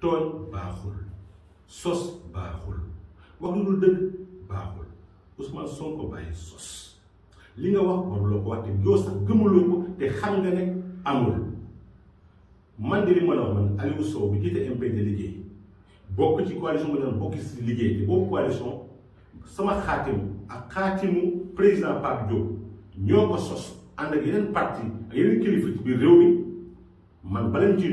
tooñ baaxul sos baaxul wax lu dul dëgg baaxul Ousmane Sonko bàyyi sos li nga wax waruloo ko wax te yow sax gëmuloo ko te xam nga ne amul man de li ma la man Aliou Sow bi jiite MPD liggéey bokk ci coalition bi daan bokk ci liggéey te boobu coalition sama xaatimu ak xaatimu président Pape Diop ñoo ko sos ànd yeneen parti yeneen kilifa ci réew mi man balañ ciy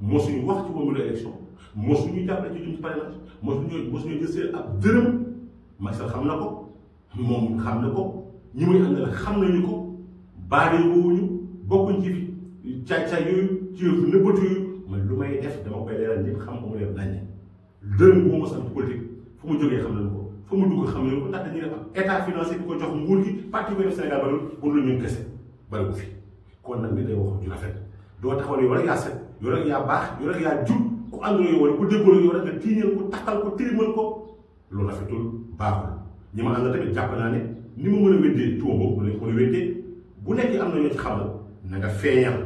mosuñu wax ci moom la élection ñu jàppale ci jëm ci parrainage mosuñu mosuñu jël seen ab dërëm Macky xam na ko moom xam na ko ñi muy àndal xam nañu ko baaree wuñu bokkuñ ci caay-caay yooyu ci nëbbatu yu man lu may def dama koy leeral ñëpp xam ko mu leen laññe dërëm boo ma sant politique fu mu jógee xam nañu ko fu mu dugg xam nañu ko ndax dañuy def état financier bi ko jox nguur gi parti bi Sénégal barul pour lu ñu kese bari ko fi kon nag ni day waxoon ju rafet doo taxaw ne yow rek yaa set yow rek yaa baax yow rek yaa jub ku àndul yow rek ku déggoo yow rek nga tiiñal ko taxal ko tilimal ko loolu rafetul baaxul ñi ma ànd tamit ni ma mën a weddee tuuma boobu ma ne ko mën a weddee bu nekkee am na ñoo ci xamal na nga feeñal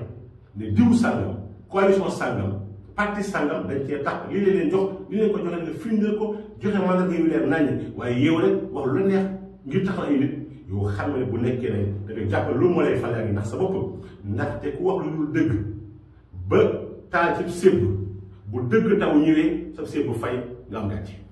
ne diw sàngam coalition sàngam parti sàngam dañ cee tax lii la leen jox li leen ko joxe nga firndeel ko joxe mandat yu waaye yow rek wax lu neex ngir taxal ay nit yoo xam ne bu nekkee ne da jàpp lu moo lay fale ak ndax sa bopp ndaxte ku wax lu dul dëgg ba taal ci sébb bu dëgg taw ñëwee sa sébb fay nga am gàcce